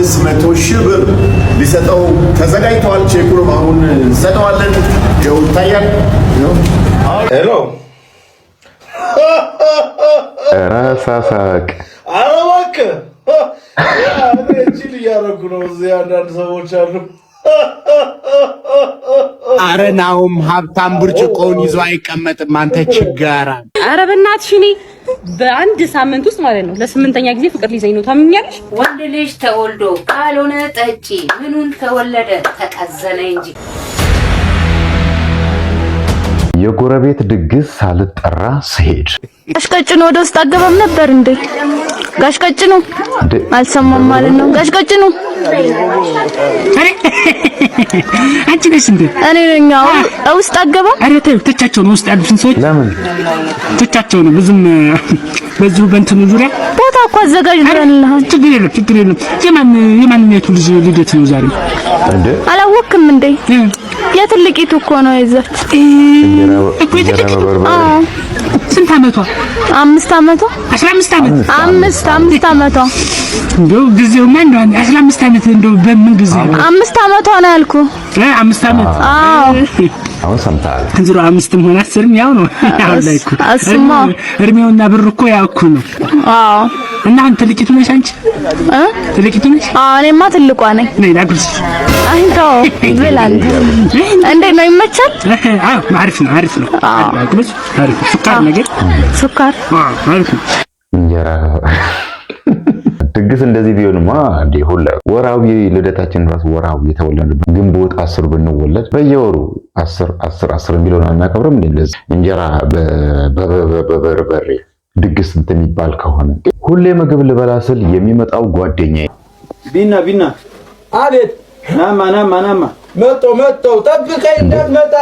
አምስት መቶ ሺህ ብር ሊሰጠው ተዘጋጅተዋል። ቼኩንም አሁን እንሰጠዋለን። ይኸው ይታያል። ሄሎ ረሳሳቅ አረባክ ችል እችል ነው። እዚህ አንዳንድ ሰዎች አሉ። አረናውም ሀብታም ብርጭቆውን ይዞ አይቀመጥም። አንተ ችጋራ አረብናት ሽኔ በአንድ ሳምንት ውስጥ ማለት ነው ለስምንተኛ ጊዜ ፍቅር ሊዘኝ ነው። ታምኛለሽ? ወንድ ልጅ ተወልዶ ካልሆነ ጠጪ ምኑን ተወለደ? ተቀዘነ እንጂ። የጎረቤት ድግስ ሳልጠራ ስሄድ አሽቀጭን ወደ ውስጥ አገባም ነበር እንዴ? ጋሽ ቀጭኑ አልሰማም ማለት ነው። ጋሽ ቀጭኑ አንቺ ነሽ እንዴ? እኔ ነኝ። ውስጥ አገባ። አረ ተይው፣ ተቻቸው ነው ውስጥ ያሉትን ሰዎች ለምን ተቻቸው ነው? ብዙም በዚሁ በእንትኑ ዙሪያ ቦታ እኮ አዘጋጅተንልሃል። ችግር የለም፣ ችግር የለም። የማን የማንኛቱ ልጅ ልደት ነው ዛሬ? አላወቅም እንዴ? የትልቂቱ እኮ ነው የዛች እኮ የትልቂቱ ስንት አመቷ? አምስት አመቷ አስራ አምስት አመት አምስት አምስት አመቷ እንደው ጊዜው ማን ነው? አስራ አምስት አመት እንደው በምን ጊዜ አምስት አመቷ ነው ያልኩህ። አምስት አመት አዎ። አሁን ሰምተሃል። እንዝሮ አምስትም ሆነ አስርም ያው ነው። አሁን ላይ እኮ እሱማ እድሜውና ብር እኮ ያው እኩል ነው። አዎ እና አንተ ትልቂቱ ነሽ አንቺ? ትልቂቱ ነሽ? አዎ እኔማ ትልቋ ነኝ። ነይ ላጉርስ። አንተው ተው ብላ እንዴት ነው ይመቻል? አዎ አሪፍ ነው፣ አሪፍ ነው። ላጉርስ። አሪፍ ሱካር ነገር ሱካር። አዎ አሪፍ ነው። እንጀራ ድግስ እንደዚህ ቢሆንማ እንዴ ሁላ ወራዊ ልደታችን ራሱ ወራዊ የተወለድበት ግንቦት አስር ብንወለድ በየወሩ አስር አስር አስር የሚለውን አናከብርም። እንደዚህ እንጀራ በበርበሬ ድግስ እንትን የሚባል ከሆነ ሁሌ ምግብ ልበላ ስል የሚመጣው ጓደኛ ቢና ቢና፣ አቤት፣ ናማ ናማ ናማ፣ መጣሁ መጣሁ፣ ጠብቀኝ እንዳትመጣ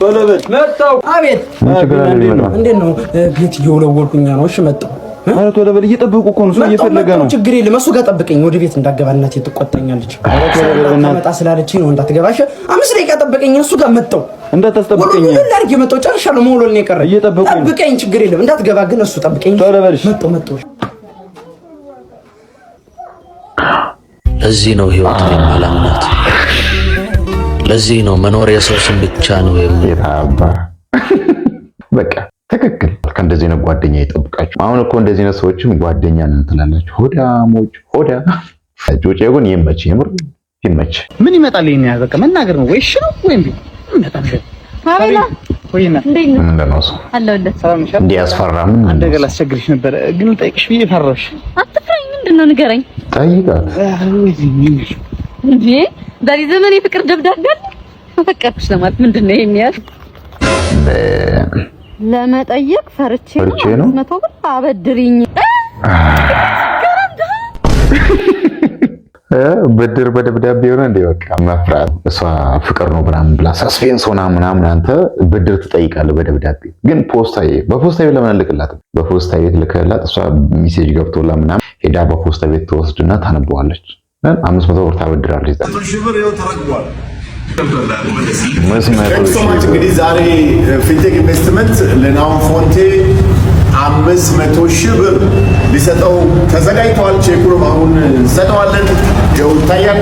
በለበት፣ መጣሁ። አቤት፣ ምን ችግር አለ? እንዴት ነው ቤት እየወለወልኩኝ ነው። እሺ መጣሁ አረት ወደ በል እየጠበቁ እኮ ነው። ሰው እየፈለገ ነው። ችግር የለም። እሱ ጋር ጠብቀኝ። ወደ ቤት እንዳገባ እናቴ ትቆጣኛለች። አረት ወደ በል እናመጣ ስላለች ነው እንዳትገባሽ። አምስት ደቂቃ ጠብቀኝ። እሱ ጋር መጣው እንዳታስጠብቀኝ። ወደ ሁሉ አድርጌ መጣው። ጨርሻለሁ። መውሎል ነው የቀረኝ። እየጠበቁኝ ጠብቀኝ። ችግር የለም። እንዳትገባ ግን እሱ ጠብቀኝ። ወደ በልሽ መጣው መጣው። ለዚህ ነው ህይወት የማላምናት። ለዚህ ነው መኖር የሰው ስም ብቻ ነው የምልህ። በቃ ትክክል ከእንደዚህ ነው ጓደኛ ይጠብቃችሁ። አሁን እኮ እንደዚህ ነው ሰዎችም ጓደኛ ነን ትላላችሁ። ሆዳሞች ሆዳ ጩጬ ግን ይመች፣ ይምር ይመች። ምን ይመጣል? ይሄን ያህል መናገር ነው ወይ? እሺ ነው ወይም እንዴ ይመጣል። እንዲህ ያስፈራ ምን እንደገለ አስቸግሪሽ ነበር ግን ልጠይቅሽ ብዬ ፈራሽ። አትፍራኝ፣ ምንድን ነው ንገረኝ። ጠይቃት እንዴ በዚህ ዘመን የፍቅር ደብዳቤ አለ። አፈቀርኩሽ ለማለት ምንድን ነው ይሄን ያህል ለመጠየቅ ፈርቼ ነው። መቶ ብር አበድሪኝ። ብድር በደብዳቤ ሆነ እንደ በቃ መፍራት እሷ ፍቅር ነው ምናምን ብላ ሰስፔንስ ሆና ምናምን አንተ ብድር ትጠይቃለህ በደብዳቤ ግን ፖስታ ፖስታዬ በፖስታ ቤት ለምን አልልክላትም? በፖስታ ቤት ልከላት እሷ ሜሴጅ ገብቶላ ምናምን ሄዳ በፖስታ ቤት ትወስድና ታነበዋለች። አምስት መቶ ብር ታበድራለች። ሶማች እንግዲህ ዛሬ ፊንቴክ ኢንቨስትመንት ለናሆም ፎንቴ አምስት መቶ ሺህ ብር ሊሰጠው ተዘጋጅተዋል። ቼኩሩም አሁን እንሰጠዋለን። ይኸው ይታያል።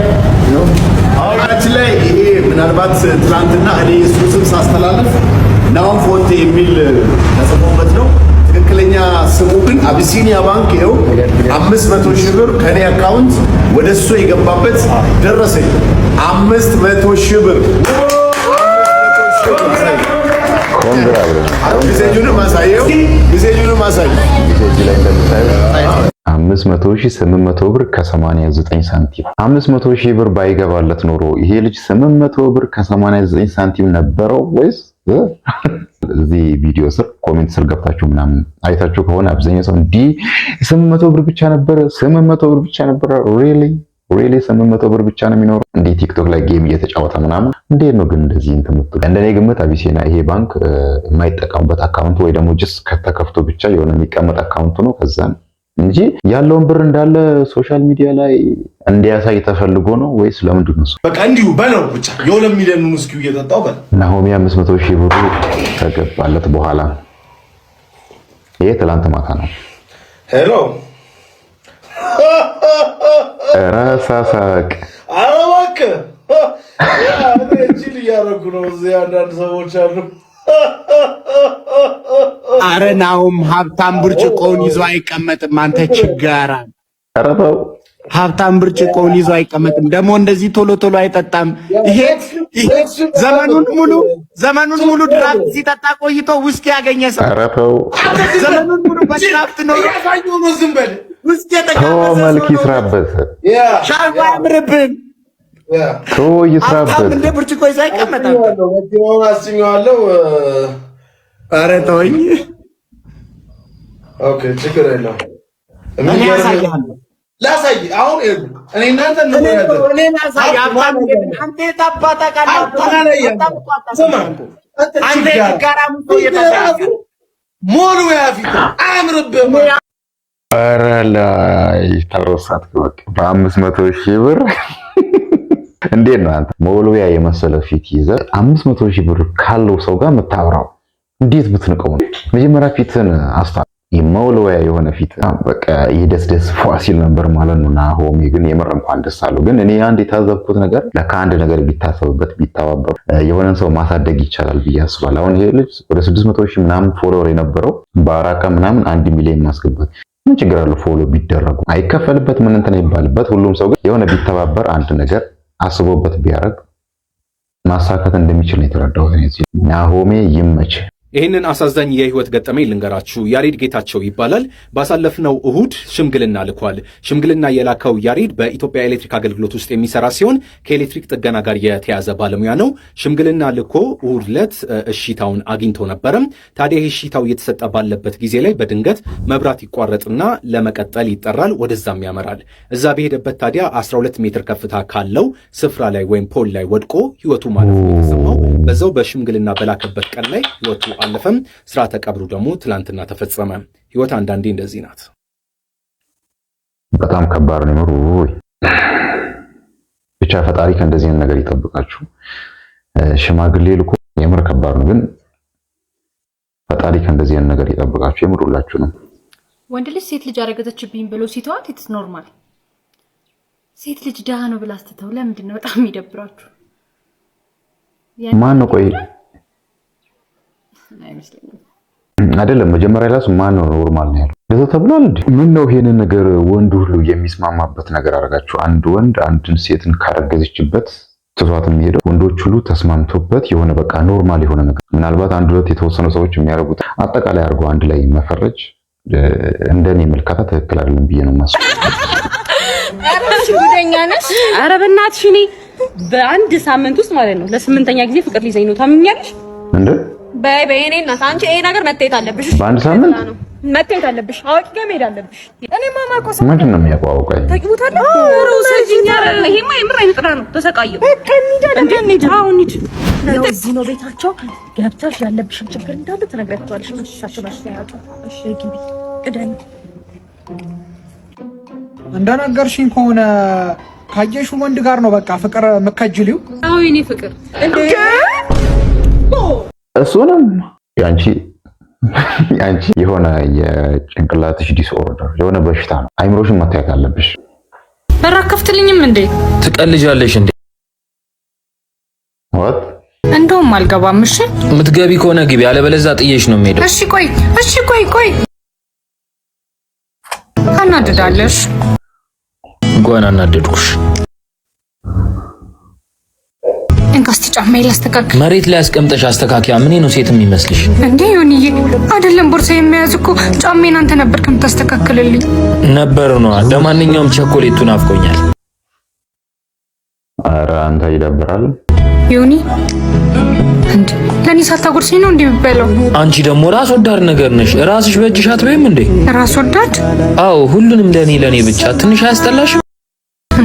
አሁናችን ላይ ይሄ ምናልባት ትናንትና እኔ የእሱን ስም ሳስተላለፍ ናሆም ፎንቴ የሚል ተጽፎ ስሙ ግን አቢሲኒያ ባንክ ይኸው አምስት መቶ ሺህ ብር ከኔ አካውንት ወደ እሱ የገባበት ደረሰኝ አምስት መቶ ሺህ ብር አምስት መቶ ሺህ ስምንት መቶ ብር ከሰማንያ ዘጠኝ ሳንቲም አምስት መቶ ሺህ ብር ባይገባለት ኖሮ ይሄ ልጅ ስምንት መቶ ብር ከሰማንያ ዘጠኝ ሳንቲም ነበረው ወይስ እዚህ ቪዲዮ ስር ኮሜንት ስር ገብታችሁ ምናምን አይታችሁ ከሆነ አብዛኛው ሰው እንዲህ ስምንት መቶ ብር ብቻ ነበረ፣ ስምንት መቶ ብር ብቻ ነበረ። ሪሊ ሪሊ ስምንት መቶ ብር ብቻ ነው የሚኖረው። እንዲህ ቲክቶክ ላይ ጌም እየተጫወተ ምናምን እንዴት ነው ግን እንደዚህ እንትን የምትሉ? እንደኔ ግምት አቢሲና ይሄ ባንክ የማይጠቀሙበት አካውንት ወይ ደግሞ ጅስ ከተከፍቶ ብቻ የሆነ የሚቀመጥ አካውንቱ ነው ከዛን እንጂ ያለውን ብር እንዳለ ሶሻል ሚዲያ ላይ እንዲያሳይ ተፈልጎ ነው ወይስ ለምንድን ነው? በቃ እንዲሁ በለው ብቻ የሁለት ሚሊዮን ውስኪ እየጠጣው በል። ናሆሚ አምስት መቶ ሺህ ብሩ ከገባለት በኋላ ይህ ትላንት ማታ ነው። ሄሎ ረሳሳቅ አረባክ እያረጉ ነው። እዚህ አንዳንድ ሰዎች አሉ አረ አረናውም ሀብታም ብርጭቆውን ይዞ አይቀመጥም። አንተ ችጋራ ሀብታም ብርጭቆውን ይዞ አይቀመጥም። ደግሞ እንደዚህ ቶሎ ቶሎ አይጠጣም። ይሄ ይሄ ዘመኑን ሙሉ ዘመኑን ሙሉ ድራፍት ሲጠጣ ቆይቶ ውስኪ ያገኘ ሰው ዘመኑን ሙሉ በድራፍት ነው። ነው። ዝም በል ውስኪ ተቀበለ መልክ ይስራበት፣ ሻርባ ያምርብን ቶ ይስራበት። እንደ ብርጭቆ ይዞ አይቀመጥም። ኧረ ተወኝ። ኦኬ ችግር የለውም። ላሳይ አሁን እኔ እናንተ ሞሉ ያፊት አያምርብህም። ኧረ ላይ ተረሳት። በአምስት መቶ ሺህ ብር እንዴት ነው አንተ ሞልያ የመሰለ ፊት ይዘህ አምስት መቶ ሺህ ብር ካለው ሰው ጋር የምታወራው? እንዴት ብትንቀው ነው? መጀመሪያ ፊትን አስታ የመውለወያ የሆነ ፊት በቃ የደስደስ ፏ ሲል ነበር ማለት ነው። ናሆሜ ግን የምር እንኳን ደስ አለው። ግን እኔ አንድ የታዘብኩት ነገር ለካ አንድ ነገር ቢታሰብበት ቢተባበሩ የሆነን ሰው ማሳደግ ይቻላል ብዬ አስባለሁ። አሁን ይሄ ልጅ ወደ ስድስት መቶ ሺህ ምናምን ፎሎወር የነበረው በአራት ምናምን አንድ ሚሊዮን ማስገባት ምን ችግር አለው? ፎሎ ቢደረጉ አይከፈልበት ምን እንትን ይባልበት። ሁሉም ሰው ግን የሆነ ቢተባበር አንድ ነገር አስቦበት ቢያደርግ ማሳካት እንደሚችል ነው የተረዳሁት። ናሆሜ ይመች። ይህንን አሳዛኝ የህይወት ገጠመኝ ልንገራችሁ። ያሬድ ጌታቸው ይባላል። ባሳለፍነው እሁድ ሽምግልና ልኳል። ሽምግልና የላከው ያሬድ በኢትዮጵያ ኤሌክትሪክ አገልግሎት ውስጥ የሚሰራ ሲሆን ከኤሌክትሪክ ጥገና ጋር የተያዘ ባለሙያ ነው። ሽምግልና ልኮ እሁድ ዕለት እሽታውን አግኝቶ ነበረም። ታዲያ እሽታው እየተሰጠ ባለበት ጊዜ ላይ በድንገት መብራት ይቋረጥና ለመቀጠል ይጠራል፣ ወደዛም ያመራል። እዛ በሄደበት ታዲያ 12 ሜትር ከፍታ ካለው ስፍራ ላይ ወይም ፖል ላይ ወድቆ ህይወቱ ማለት ነው የተሰማው በዛው በሽምግልና በላከበት ቀን ላይ ሕይወቱ አለፈም። ስርዓተ ቀብሩ ደግሞ ትላንትና ተፈጸመ። ህይወት አንዳንዴ እንደዚህ ናት። በጣም ከባድ ነው። ምሩ ብቻ ፈጣሪ ከእንደዚህ ነገር ይጠብቃችሁ። ሽማግሌ ልኮ የምር ከባድ ነው፣ ግን ፈጣሪ ከእንደዚህ ነገር ይጠብቃችሁ። የምር ሁላችሁ ነው። ወንድ ልጅ ሴት ልጅ አረገዘችብኝ ብሎ ሲተዋት ኢትስ ኖርማል። ሴት ልጅ ድሃ ነው ብላ ስትተው ለምንድን ነው በጣም የሚደብራችሁ? ማን ነው? ቆይ አይደለም መጀመሪያ ላይ ማን ነው ኖርማል ነው ያለው? ለዛ ተብሏል እንዴ? ምን ነው ይሄንን ነገር ወንድ ሁሉ የሚስማማበት ነገር አድርጋችሁ አንድ ወንድ አንድን ሴትን ካረገዘችበት ትቷት የሚሄደው ወንዶች ሁሉ ተስማምቶበት የሆነ በቃ ኖርማል የሆነ ነገር ምናልባት አንድ ሁለት የተወሰኑ ሰዎች የሚያደርጉት አጠቃላይ አድርጎ አንድ ላይ መፈረጅ እንደኔ መልካታ ትክክል አይደለም ብዬ ነው ማስ በእናትሽ እኔ በአንድ ሳምንት ውስጥ ማለት ነው ለስምንተኛ ጊዜ ፍቅር ሊዘኝ ነው። ታምኛለሽ እንዴ? በይ በይ፣ እኔ እናት አንቺ ይሄ ነገር መታየት አለብሽ። በአንድ ሳምንት መታየት አለብሽ። አውቂ ጋር መሄድ አለብሽ። እኔ ማማ እኮ ሰው ምንድን ነው የሚያቋውቀኝ? ታውቂውታለህ። ኧረ ውሰጂኝ። ኧረ ይሄማ የምር አይነት ጥራ ነው። ተሰቃየሁ። በቃ እንሂድ እንሂድ። አዎ እንሂድ። እዚህ ነው ቤታቸው። ገብተሽ ያለብሽን ችግር እንዳለ ትነግሪያቸዋለሽ። መሻቸው ናሽ ያጡ። እሺ ግቢ ቅደም። እንደነገርሽኝ ከሆነ ካየሽ ወንድ ጋር ነው በቃ ፍቅር የምከጅልው። አዎ የእኔ ፍቅር እሱንም ያንቺ ያንቺ የሆነ የጭንቅላትሽ ዲስኦርደር የሆነ በሽታ ነው። አይምሮሽን መታየት አለብሽ። በራ ከፍትልኝም እንዴ ትቀልጃለሽ እንዴ? ወት እንደውም አልገባም። እሺ የምትገቢ ከሆነ ግቢ፣ አለበለዚያ ጥዬሽ ነው የምሄደው። እሺ ቆይ፣ እሺ ቆይ፣ ቆይ ታናድዳለሽ። እንኳን አናደድኩሽ። እንካስቲ ጫማ ላስተካክል። መሬት ላይ አስቀምጠሽ አስተካኪያ። ምን ነው ሴት የሚመስልሽ እንዴ? ዮኒዬ አይደለም ቦርሳ የመያዝ እኮ ጫሜን አንተ ነበርክ የምታስተካክልልኝ። ነበር ነው። ለማንኛውም ቸኮሌቱ ናፍቆኛል። ኧረ አንተ ይደብራል። ዮኒ ለኔ ሳታጎርሰኝ ነው እንዴ የሚበላው? አንቺ ደግሞ ራስ ወዳድ ነገር ነሽ። ራስሽ በእጅሽ አትበይም እንዴ? ራስ ወዳድ? አዎ ሁሉንም ለኔ ለኔ ብቻ። ትንሽ አያስጠላሽም?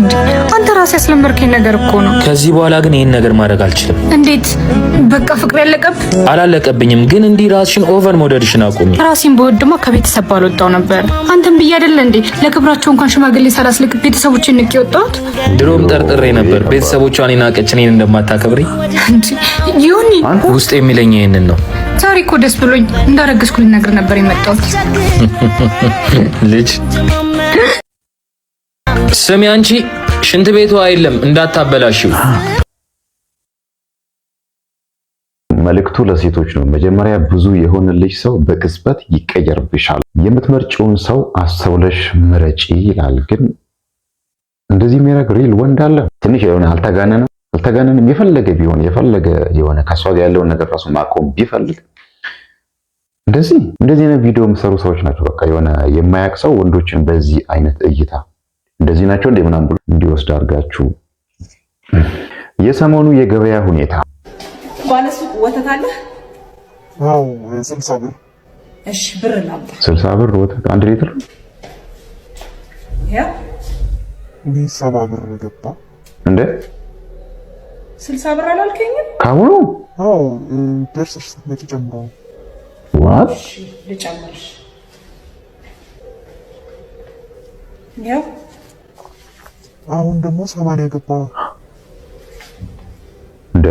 እንዴ? አንተ ራስህ ያስለመርከኝ ነገር እኮ ነው። ከዚህ በኋላ ግን ይህን ነገር ማድረግ አልችልም። እንዴት? በቃ ፍቅር ያለቀብ አላለቀብኝም፣ ግን እንዲህ ራስሽን ኦቨር መውደድሽን አቁሚ። ራሴን በወድማ ከቤተሰብ ባልወጣው ነበር። አንተም ብዬ አይደለ እንዴ? ለክብራቸው እንኳን ሽማግሌ ሳላስልክ ቤተሰቦችን ንቄ ወጣሁት። ድሮም ጠርጥሬ ነበር ቤተሰቦቿን ናቀች እኔን እንደማታከብሪ። ይሁን ውስጥ የሚለኝ ይህንን ነው። ዛሬ እኮ ደስ ብሎኝ እንዳረገዝኩ ልነግር ነበር የመጣሁት ልጅ ነበር። ስሚ አንቺ ሽንት ቤቱ አይደለም እንዳታበላሽው። መልእክቱ ለሴቶች ነው። መጀመሪያ ብዙ የሆነልሽ ሰው በቅጽበት ይቀየርብሻል። የምትመርጪውን ሰው አስተውለሽ ምረጪ ይላል። ግን እንደዚህ የሚያደርግ ሪል ወንድ አለ? ትንሽ የሆነ አልተጋነነ አልተጋነንም። የፈለገ ቢሆን የፈለገ የሆነ ከሷ ጋር ያለውን ነገር ራሱ ማቆም ቢፈልግ እንደዚህ እንደዚህ አይነት ቪዲዮ የሚሰሩ ሰዎች ናቸው። በቃ የሆነ የማያቅ ሰው ወንዶችን በዚህ አይነት እይታ እንደዚህ ናቸው እንደ ምናምን ብሎ እንዲወስድ አድርጋችሁ። የሰሞኑ የገበያ ሁኔታ ባለሱቅ ወተት አለ። አዎ ስልሳ ብር። እሺ ብር ላምጣ። ስልሳ ብር ወተት አንድ ሊትር ያ ሰባ ብር ገባ እንዴ? ስልሳ ብር አላልከኝም? ካሁኑ አዎ ደርስ ነጭ ጨምሮ ዋት ልጨምር ያው አሁን ደግሞ ሰማንያ ገባ ደ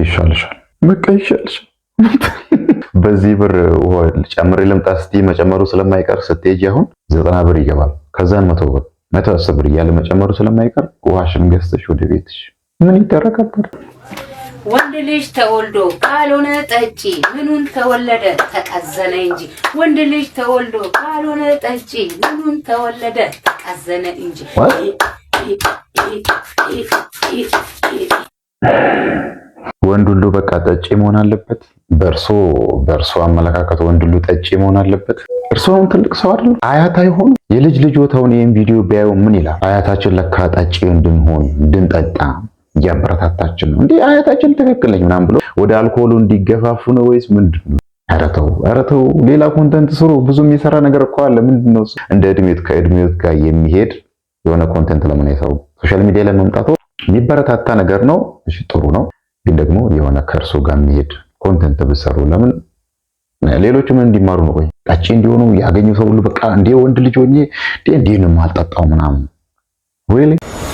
ይሻልሻል፣ በቃ ይሻልሻል። በዚህ ብር ጨምሬ ልምጣ ስትይ መጨመሩ ስለማይቀር ስትሄጂ አሁን ዘጠና ብር ይገባል። ከዛን መቶ ብር መቶ አስር ብር እያለ መጨመሩ ስለማይቀር ውሃሽን ገዝተሽ ወደ ቤትሽ ምን ይደረጋል ወንድ ልጅ ተወልዶ ካልሆነ ጠጪ ምኑን ተወለደ ተቀዘነ እንጂ። ወንድ ልጅ ተወልዶ ካልሆነ ጠጪ ምኑን ተወለደ ተቀዘነ እንጂ። ወንድ ሁሉ በቃ ጠጪ መሆን አለበት። በእርሶ በእርሶ አመለካከት ወንድ ሁሉ ጠጪ መሆን አለበት። እርስዎም ትልቅ ሰው አይደሉ? አያት አይሆኑ? የልጅ ልጆታውን ይህን ቪዲዮ ቢያዩ ምን ይላል? አያታችን ለካ ጠጪ እንድንሆን እንድንጠጣ እያበረታታችን ነው። እንዲህ አያታችን ትክክል ነኝ ምናምን ብሎ ወደ አልኮሉ እንዲገፋፉ ነው ወይስ ምንድን ነው? ኧረ ተው፣ ኧረ ተው፣ ሌላ ኮንተንት ስሩ። ብዙ የሚሰራ ነገር እኮ አለ። ምንድን ነው እንደ እድሜት ከእድሜት ጋር የሚሄድ የሆነ ኮንተንት ለምን አይሰሩ? ሶሻል ሚዲያ ላይ መምጣቱ የሚበረታታ ነገር ነው። እሺ ጥሩ ነው። ግን ደግሞ የሆነ ከርሶ ጋር የሚሄድ ኮንተንት ብሰሩ ለምን ሌሎቹ ምን እንዲማሩ ነው? ቆይ ጠጪ እንዲሆኑ ያገኙ ሰው ሁሉ በቃ እንዴ ወንድ ልጅ ሆኜ እንዴ እንዴ ነው የማልጠጣው ምናምን ወይ